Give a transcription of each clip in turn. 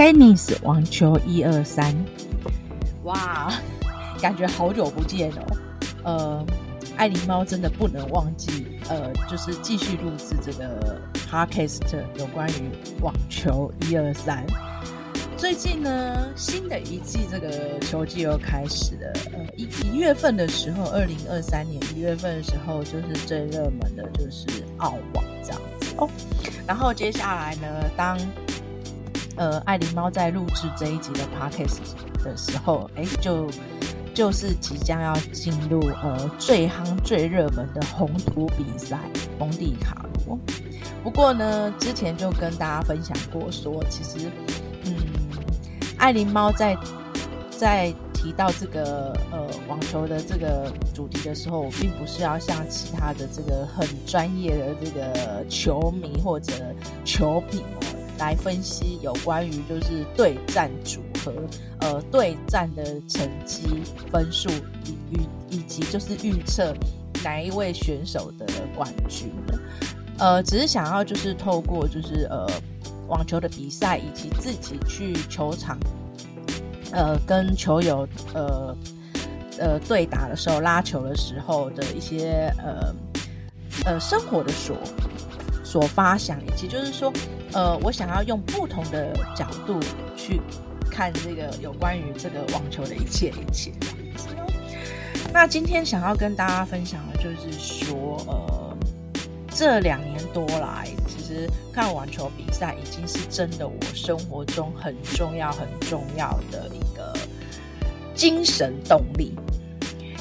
Tennis 網球一二三，哇、wow,，感覺好久不見哦。呃，愛狸貓真的不能忘記，呃，就是繼續錄制這個 podcast 有關於網球一二三。最近呢，新的一季這個球季又開始了。一、呃、一月份的時候，二零二三年一月份的時候，就是最熱門的就是澳網這樣子哦。然後接下來呢，當呃，愛琳貓在錄製這一集的 Podcast 的時候，哎、欸，就就是即將要進入呃最夯、最熱門的紅土比賽——蒙地卡羅。不過呢，之前就跟大家分享過說，其實，嗯，愛琳貓在在提到這個呃網球的這個主題的時候，我並不是要像其他的這個很專業的這個球迷或者球品。來分析有關於就是對戰組合、呃對戰的成績分數以及就是預測哪一位選手的冠軍。呃，只是想要就是透過就是呃網球的比賽以及自己去球場，呃跟球友呃呃對打的時候拉球的時候的一些呃呃生活的所所發想，以及就是說。呃，我想要用不同的角度去看這個有關於這個網球的一切一切。那今天想要跟大家分享的就是說，呃，這兩年多來，其實看網球比賽已經是真的我生活中很重要很重要的一個精神動力。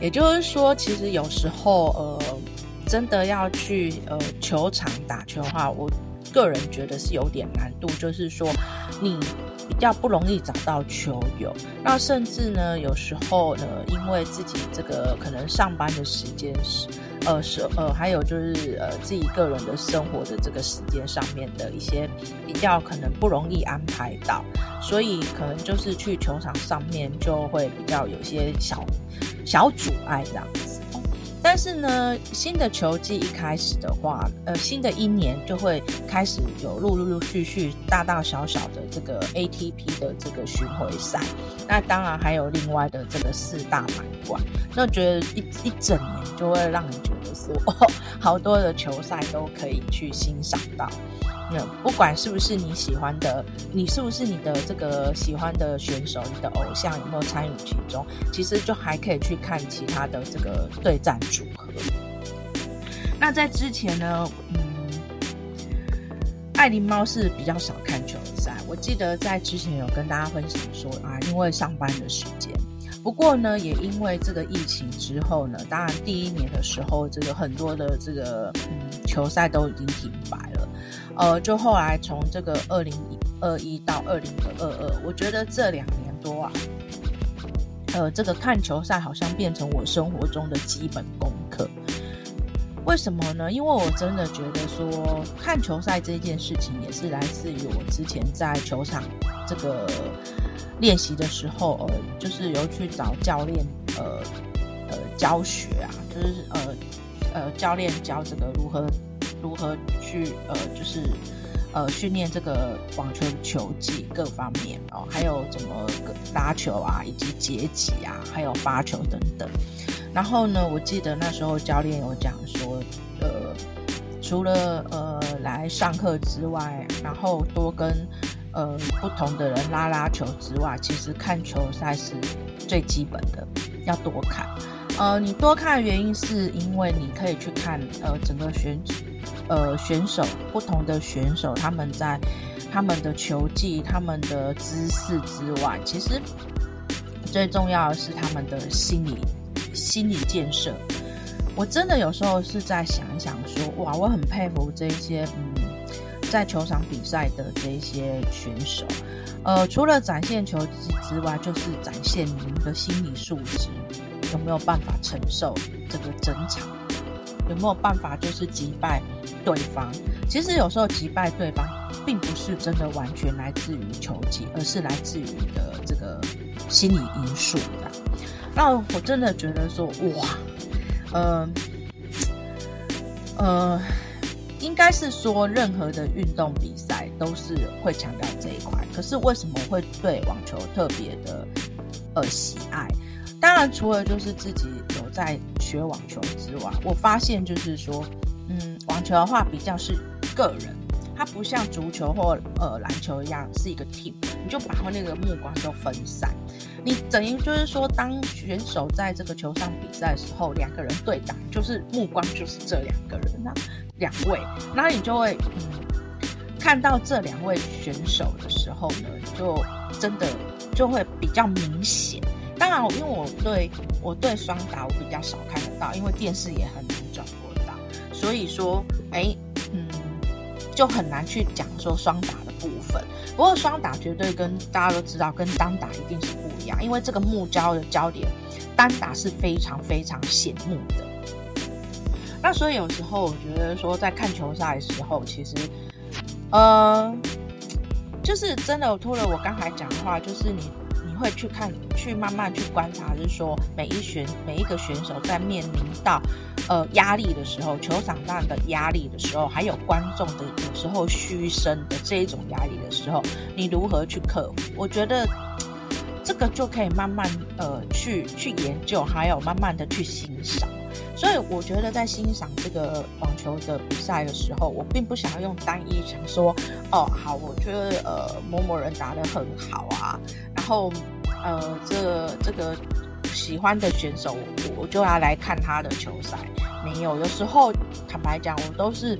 也就是說，其實有時候呃，真的要去呃球場打球的話，我。個人覺得是有點難度，就是說，你比較不容易找到球友。那甚至呢，有時候呢，因為自己這個可能上班的時間是呃是呃，12，還有就是呃自己個人的生活的這個時間上面的一些比較可能不容易安排到，所以可能就是去球場上面就會比較有些小小阻礙這樣子。但是呢，新的球季一開始的話，呃，新的一年就會開始有陸陸續續大大小小的這個 ATP 的這個巡回賽，那當然還有另外的這個四大滿貫，那我覺得一一整年就會讓你覺得說，哦，好多的球賽都可以去欣賞到。不管是不是你喜歡的，你是不是你的這個喜歡的選手，你的偶像有沒有參與其中？其實就還可以去看其他的這個對戰組合。那在之前呢，嗯，艾琳貓是比較少看球賽。我記得在之前有跟大家分享說啊，因為上班的時間。不過呢，也因為這個疫情之後呢，當然第一年的時候，這個很多的這個、嗯、球賽都已經停擺了。呃，就後來從這個二零二一到二零二二，我覺得這兩年多啊，呃，這個看球賽好像變成我生活中的基本功課。為什麼呢？因為我真的覺得說看球賽這件事情，也是來自於我之前在球場這個練習的時候，呃，就是有去找教練，呃呃，教學啊，就是呃呃，教練教這個如何。如何去呃，就是呃訓練這個網球球技各方面哦，還有怎麼拉球啊，以及截擊啊，還有發球等等。然後呢，我記得那時候教練有講說，呃，除了呃來上課之外，然後多跟呃不同的人拉拉球之外，其實看球賽是最基本的，要多看。呃，你多看的原因是因為你可以去看呃整個選手。呃，選手不同的選手，他們在他們的球技、他們的姿勢之外，其實最重要的是他們的心理心理建設。我真的有時候是在想一想說，說哇，我很佩服這一些嗯，在球場比賽的這些選手。呃，除了展現球技之、之外，就是展現你們的心理素質有沒有辦法承受這個爭吵？有沒有辦法，就是擊敗對方。其實有時候擊敗對方，並不是真的完全來自於球技，而是來自於的這個心理因素的。那我真的覺得說，哇，呃，呃，應該是說任何的運動比賽都是會強調這一塊。可是為什麼會對網球特別的呃喜愛？當然，除了就是自己。在學網球之外，我發現就是說，嗯，網球的話比較是個人，它不像足球或呃籃球一樣是一個 team，你就把那個目光都分散。你等於就是說，當選手在這個球上比賽的時候，兩個人對打，就是目光就是這兩個人那兩位，那你就會，嗯，看到這兩位選手的時候呢，就真的就會比較明顯。當然，因為我對我對雙打我比較少看得到，因為電視也很難轉播到，所以說，哎，嗯，就很難去講說雙打的部分。不過雙打絕對跟大家都知道，跟單打一定是不一樣，因為這個目標的焦點，單打是非常非常顯目的。那所以有時候我覺得說，在看球賽的時候，其實，呃，就是真的，我除了我剛才講的話，就是你。會去看，去慢慢去觀察，是說每一選每一個選手在面臨到，呃壓力的時候，球場上的壓力的時候，還有觀眾的有時候噓聲的這一種壓力的時候，你如何去克服？我覺得這個就可以慢慢呃去去研究，還有慢慢的去欣賞。所以我覺得在欣賞這個網球的比賽的時候，我並不想要用單一想說，哦、呃，好，我覺得呃某某人打得很好啊，然後。呃，這個、這個喜歡的選手，我就要來看他的球賽。沒有，有時候坦白講，我都是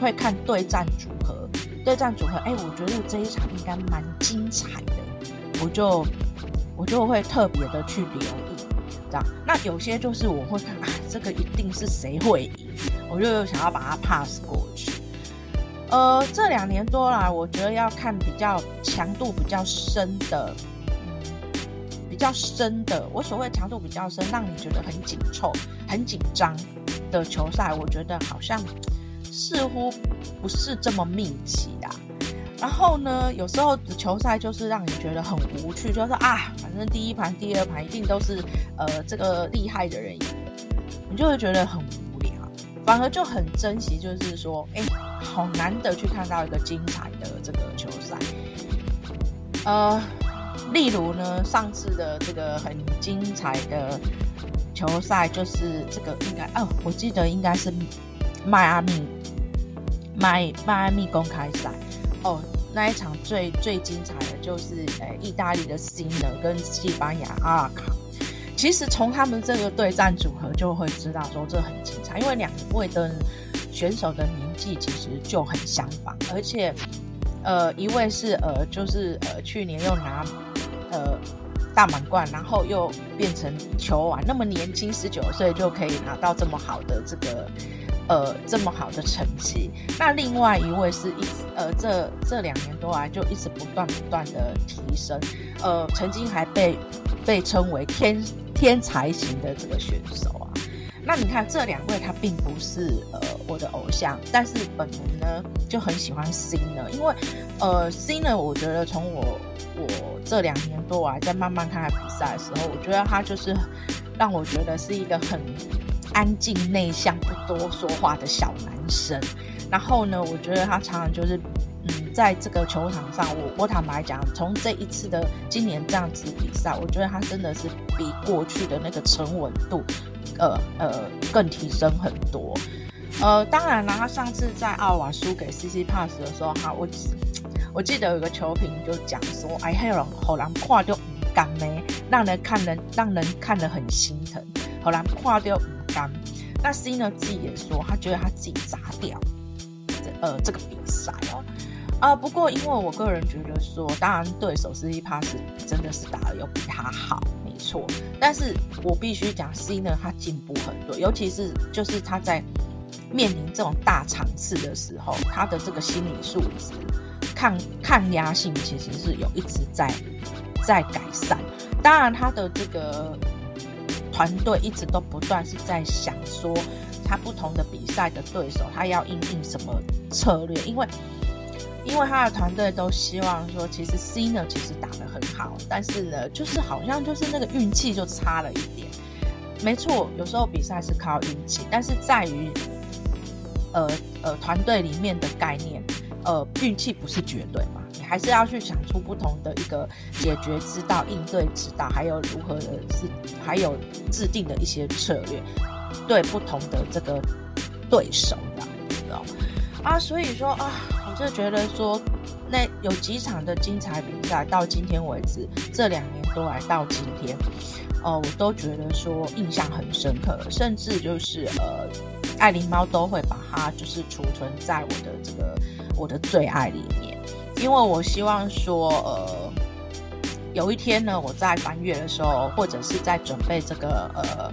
會看對戰組合。對戰組合，哎，我覺得我這一場應該蠻精彩的，我就我就會特別的去留意。這樣，那有些就是我會看，啊，這個一定是誰會贏，我就又想要把它 pass 過去。呃，這兩年多啦，我覺得要看比較強度比較深的。比較深的，我所謂強度比較深，讓你覺得很緊湊、很緊張的球賽，我覺得好像似乎不是這麼密集的、啊。然後呢，有時候球賽就是讓你覺得很無趣，就是啊，反正第一盤、第二盤一定都是呃這個厲害的人贏，你就會覺得很無聊。反而就很珍惜，就是說，誒、欸，好難得去看到一個精彩的這個球賽，呃。例如呢，上次的這個很精彩的球賽，就是這個應該哦，我記得應該是邁阿密、邁邁阿密公開賽哦，那一場最最精彩的就是呃，欸、意大利的辛德跟西班牙阿爾卡、啊，其實從他們這個對戰組合就會知道說這很精彩，因為兩位的選手的年紀其實就很相仿，而且呃，一位是呃，就是呃，去年又拿。呃，大滿貫，然後又變成球王，啊，那麼年輕十九歲就可以拿到這麼好的這個呃，這麼好的成績。那另外一位是一直呃這這兩年多來，啊，就一直不斷不斷的提升，呃，曾經還被被稱為天天才型的這個選手啊。那你看這兩位，他並不是呃我的偶像，但是本人呢就很喜歡 Sinner，因為呃 Sinner，我覺得從我我這兩年多啊在慢慢看他比賽的時候，我覺得他就是讓我覺得是一個很安靜內向、不多說話的小男生。然後呢，我覺得他常常就是嗯在這個球場上，我我坦白講，從這一次的今年這樣子比賽，我覺得他真的是比過去的那個沉穩度。呃呃，更提升很多，呃，當然啦，他上次在澳網輸給 Tsitsipas 的時候，他我只我記得有一個球評就講說，哎，黑龍好難跨掉魚缸呢，讓人看人讓人看得很心疼，好難跨掉魚缸。那 Sinner 呢自己也說，他覺得他自己砸掉這呃這個比賽哦、喔，啊、呃，不過因為我個人覺得說，當然對手 Tsitsipas 真的是打得又比他好。錯，但是我必須講 Sinner 呢，他進步很多，尤其是就是他在面臨這種大場次的時候，他的這個心理素質抗抗壓性其實是有一直在在改善。當然，他的這個團隊一直都不斷是在想說，他不同的比賽的對手，他要應用什麼策略，因為。因為他的團隊都希望說，其實 C 呢，其實打得很好，但是呢，就是好像就是那個運氣就差了一點。沒錯，有時候比賽是靠運氣，但是在於，呃呃，團隊裡面的概念，呃，運氣不是絕對嘛，你還是要去想出不同的一個解決之道、應對之道，還有如何的是還有制定的一些策略，對不同的這個對手的，啊，所以說啊。就覺得說，那有幾場的精彩比賽，到今天為止，這兩年多來到今天，呃，我都覺得說印象很深刻，甚至就是呃，愛麗貓都會把它就是儲存在我的這個我的最愛裡面，因為我希望說呃，有一天呢，我在翻閱的時候，或者是在準備這個呃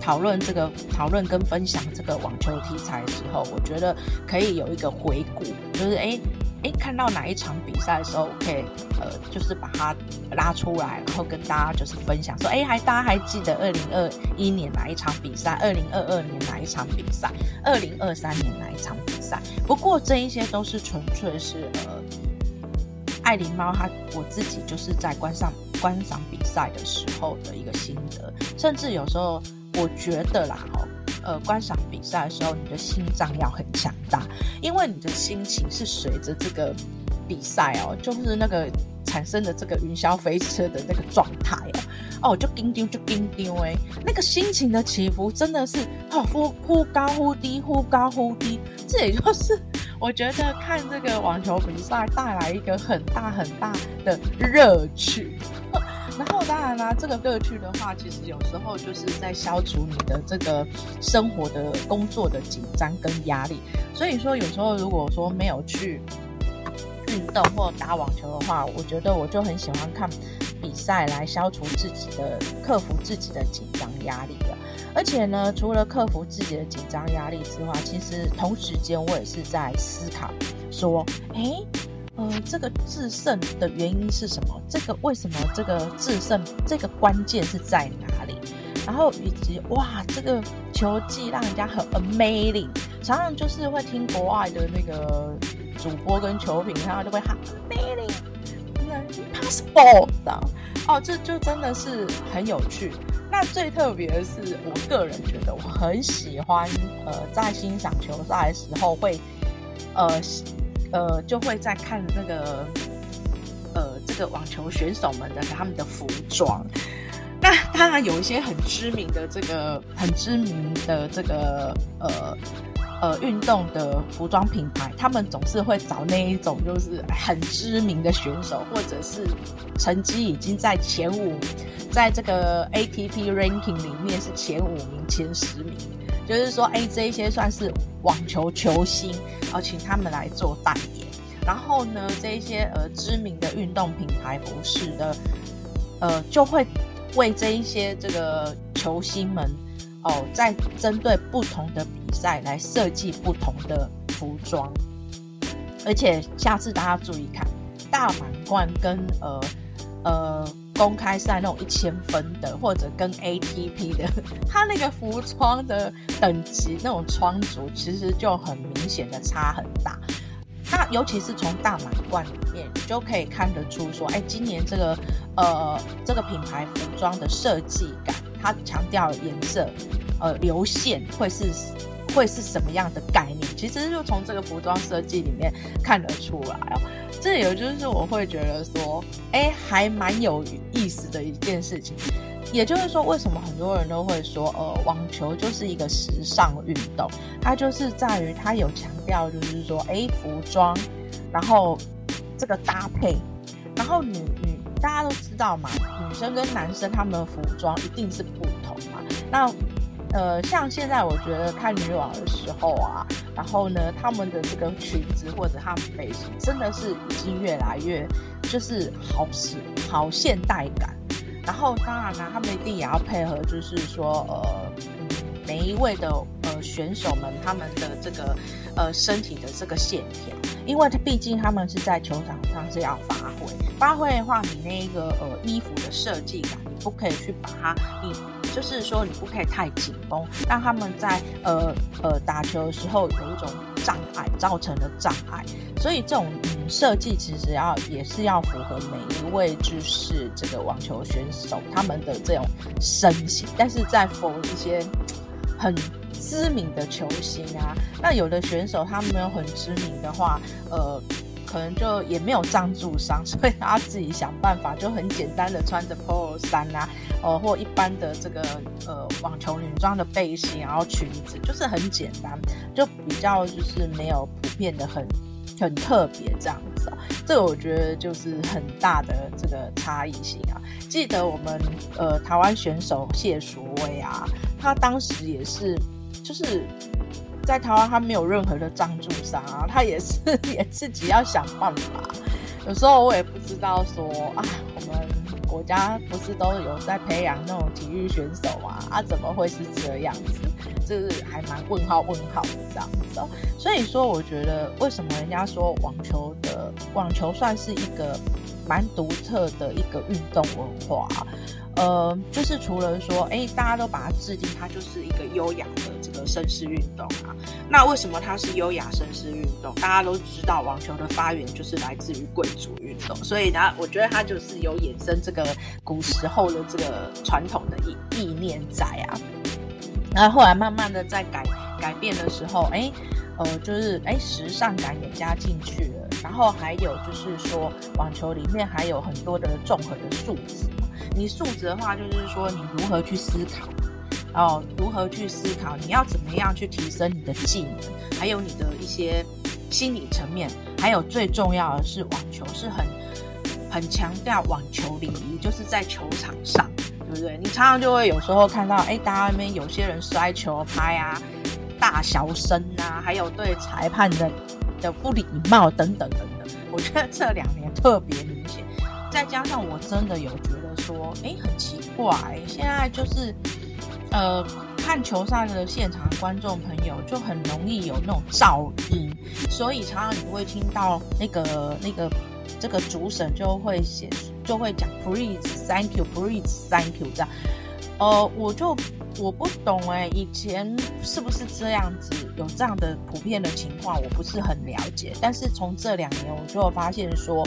討論這個討論跟分享這個網球題材的時候，我覺得可以有一個回顧。就是誒誒，看到哪一場比賽的時候，我可以呃，就是把它拉出來，然後跟大家就是分享說，說誒，還大家還記得二零二一年哪一場比賽，二零二二年哪一場比賽，二零二三年哪一場比賽？不過這一些都是純粹是呃，愛琳貓它我自己就是在觀賞觀賞比賽的時候的一個心得，甚至有時候我覺得啦，哦。呃，觀賞比賽的時候，你的心臟要很強大，因為你的心情是隨着這個比賽哦，就是那個產生的這個雲霄飛車的那個狀態哦，哦，就叮丟就叮丟哎，那個心情的起伏真的是哦，忽忽高忽低，忽高忽低，這也就是我覺得看這個網球比賽帶來一個很大很大的樂趣。然後當然啦、啊，這個樂趣的話，其實有時候就是在消除你的這個生活的工作的緊張跟壓力。所以說有時候如果說沒有去運動或打網球的話，我覺得我就很喜歡看比賽來消除自己的、克服自己的緊張壓力的。而且呢，除了克服自己的緊張壓力之外，其實同時間我也是在思考，說，誒、欸……呃，這個制勝的原因是什麼？這個為什麼這個制勝這個關鍵是在哪裡？然後以及哇，這個球技讓人家很 amazing，常常就是會聽國外的那個主播跟球評，然後就會喊 amazing，真的 impossible 這樣哦，這就真的是很有趣。那最特別的是，我個人覺得我很喜歡呃，在欣賞球賽的時候會呃。呃，就會在看那個，呃，這個網球選手們的他們的服裝。那當然有一些很知名的這個很知名的這個呃呃運動的服裝品牌，他們總是會找那一種就是很知名的選手，或者是成績已經在前五，在這個 ATP ranking 裡面是前五名、前十名。就是說，哎，這一些算是網球球星，哦、呃，請他們來做代言。然後呢，這一些呃知名的運動品牌服飾的，呃，就會為這一些這個球星們，哦、呃，在針對不同的比賽來設計不同的服裝。而且下次大家注意看，大滿貫跟呃呃。呃公開賽那種一千分的，或者跟 ATP 的，它那個服裝的等級，那種穿着其實就很明顯的差很大。那尤其是從大滿貫裡面，你就可以看得出說，哎、欸，今年這個呃這個品牌服裝的設計感，它強調顏色，呃流線會是。會是什麼樣的概念？其實就從這個服裝設計裡面看得出來哦。這也就是我會覺得說，哎，還蠻有意思的一件事情。也就是說，為什麼很多人都會說，呃，網球就是一個時尚運動，它就是在於它有強調，就是說，哎，服裝，然後這個搭配，然後女女大家都知道嘛，女生跟男生他們的服裝一定是不同嘛。那呃，像現在我覺得看女網的時候啊，然後呢，他們的這個裙子或者他們背心，真的是已經越來越就是好時髦、好現代感。然後當然呢、啊，他們一定也要配合，就是說呃、嗯，每一位的呃選手們，他們的這個呃身體的這個線條，因為他畢竟他們是在球場上是要發揮，發揮的話，你那一個呃衣服的設計感，你不可以去把它一。就是說，你不可以太緊繃，讓他們在呃呃打球的時候有一種障礙造成的障礙。所以這種、嗯、設計其實要也是要符合每一位就是這個網球選手他們的這種身形。但是在服一些很知名的球星啊，那有的選手他們沒有很知名的話，呃。可能就也沒有贊助商，所以他自己想辦法，就很簡單的穿着 polo 衫啊，呃，或一般的這個呃網球女裝的背心，然後裙子，就是很簡單，就比較就是沒有普遍的很很特別這樣子啊，這個我覺得就是很大的這個差異性啊。記得我們呃台灣選手謝淑薇啊，她當時也是就是。在台灣，他沒有任何的贊助商啊，他也是也自己要想辦法。有時候我也不知道說，啊，我們國家不是都有在培養那種體育選手嗎？啊，怎麼會是這樣子？就是還蠻問號問號的這樣子。所以說，我覺得為什麼人家說網球的網球算是一個蠻獨特的一個運動文化，呃，就是除了說，哎、欸，大家都把它制定，它就是一個優雅的。紳士運動啊，那為什麼它是優雅紳士運動？大家都知道，網球的發源就是來自於貴族運動，所以呢，我覺得它就是有衍生這個古時候的這個傳統的意意念在啊。然後後來慢慢的在改改變的時候，哎、欸，呃，就是哎、欸，時尚感也加進去了。然後還有就是說，網球裡面還有很多的綜合的素質嘛。你素質的話，就是說你如何去思考？哦，如何去思考？你要怎麼樣去提升你的技能？還有你的一些心理層面，還有最重要的是，網球是很很強調網球禮儀，就是在球場上，對不對？你常常就會有時候看到，哎，大家那邊有些人摔球拍啊，大小聲啊，還有對裁判的的不禮貌等等等等。我覺得這兩年特別明顯，再加上我真的有覺得說，哎，很奇怪，現在就是。呃，看球賽的現場的觀眾朋友就很容易有那種噪音，所以常常你會聽到那個那個這個主審就會寫就會講 freeze，thank you，freeze，thank you 這樣。呃，我就我不懂誒、欸，以前是不是這樣子有這樣的普遍的情況？我不是很了解。但是從這兩年我就發現說。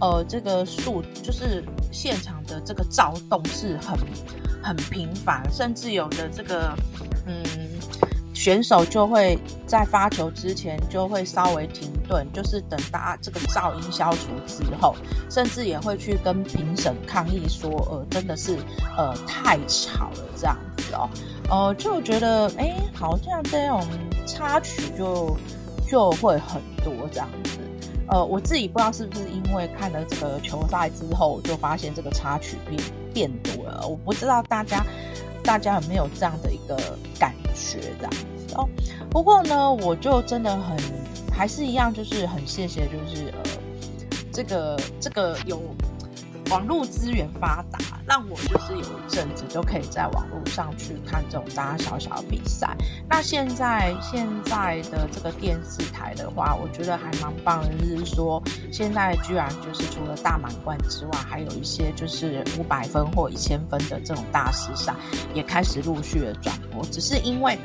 呃，這個數就是現場的這個躁動是很很頻繁，甚至有的這個嗯選手就會在發球之前就會稍微停頓，就是等大家這個噪音消除之後，甚至也會去跟評審抗議說，呃，真的是呃太吵了這樣子哦，呃就覺得欸，好像這種插曲就就會很多這樣子。呃，我自己不知道是不是因為看了這個球賽之後，就發現這個插曲變變多了。我不知道大家大家有沒有這樣的一個感覺這樣子哦。不過呢，我就真的很還是一樣，就是很謝謝，就是呃，這個這個有。網絡資源發達，讓我就是有一陣子就可以在網絡上去看這種大大小小的比賽。那現在現在的這個電視台的話，我覺得還蠻棒的，就是說現在居然就是除了大滿貫之外，還有一些就是五百分或一千分的這種大師賽也開始陸續的轉播，只是因為，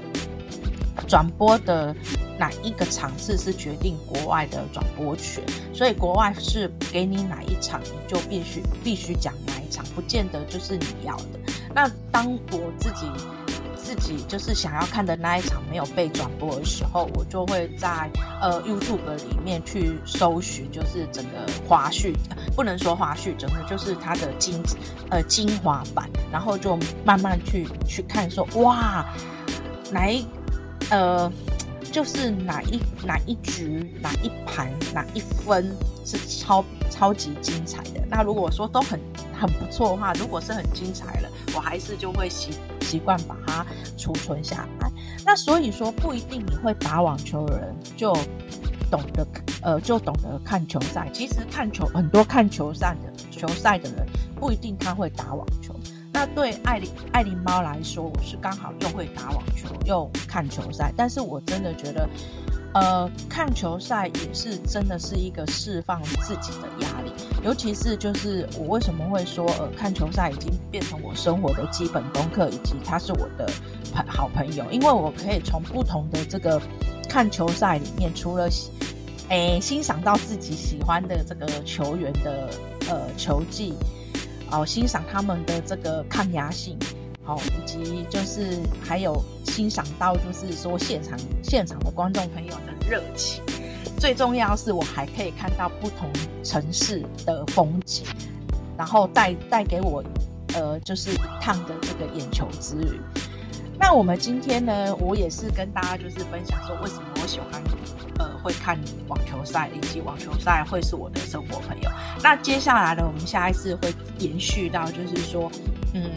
轉播的哪一個場次是決定國外的轉播權，所以國外是給你哪一場，你就必須必須講哪一場，不見得就是你要的。那當我自己自己就是想要看的那一場沒有被轉播的時候，我就會在呃 YouTube 裡面去搜尋，就是整個花絮，不能說花絮，整個就是它的呃精呃精華版，然後就慢慢去去看說，說哇，哪一。呃，就是哪一哪一局、哪一盤、哪一分是超超級精彩的。那如果說都很很不錯的話，如果是很精彩了，我還是就會習習慣把它儲存下來。那所以說，不一定你會打網球的人就懂得，呃，就懂得看球賽。其實看球很多看球賽的球賽的人，不一定他會打網球。他對愛麗愛麗貓來說，我是剛好又會打網球又看球賽，但是我真的覺得，呃，看球賽也是真的是一個釋放自己的壓力，尤其是就是我為什麼會說，呃，看球賽已經變成我生活的基本功課，以及它是我的朋好朋友，因為我可以從不同的這個看球賽裡面，除了，誒、欸，欣賞到自己喜歡的這個球員的呃球技。哦，欣賞他們的這個抗壓性，好、哦，以及就是還有欣賞到就是說現場現場的觀眾朋友的熱情，最重要是我還可以看到不同城市的風景，然後帶帶給我呃就是一趟的這個眼球之旅。那我們今天呢，我也是跟大家就是分享說為什麼。喜歡呃，會看你網球賽，以及網球賽會是我的生活朋友。那接下來呢？我們下一次會延續到，就是說，嗯，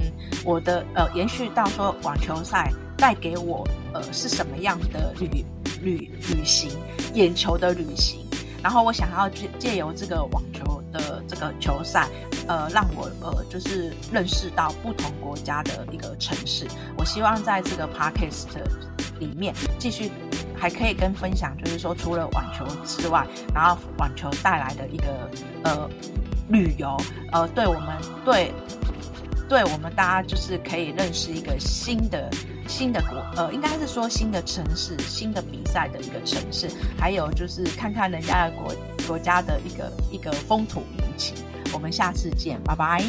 我的呃，延續到說網球賽帶給我呃是什麼樣的旅旅旅行？眼球的旅行。然後我想要借借由這個網球的這個球賽，呃，讓我呃就是認識到不同國家的一個城市。我希望在這個 podcast 裡面繼續。還可以跟分享，就是說除了網球之外，然後網球帶來的一個呃旅遊，呃，對我們對，對我們大家就是可以認識一個新的新的國，呃，應該是說新的城市，新的比賽的一個城市，還有就是看看人家的國國家的一個一個風土民情。我們下次見，拜拜。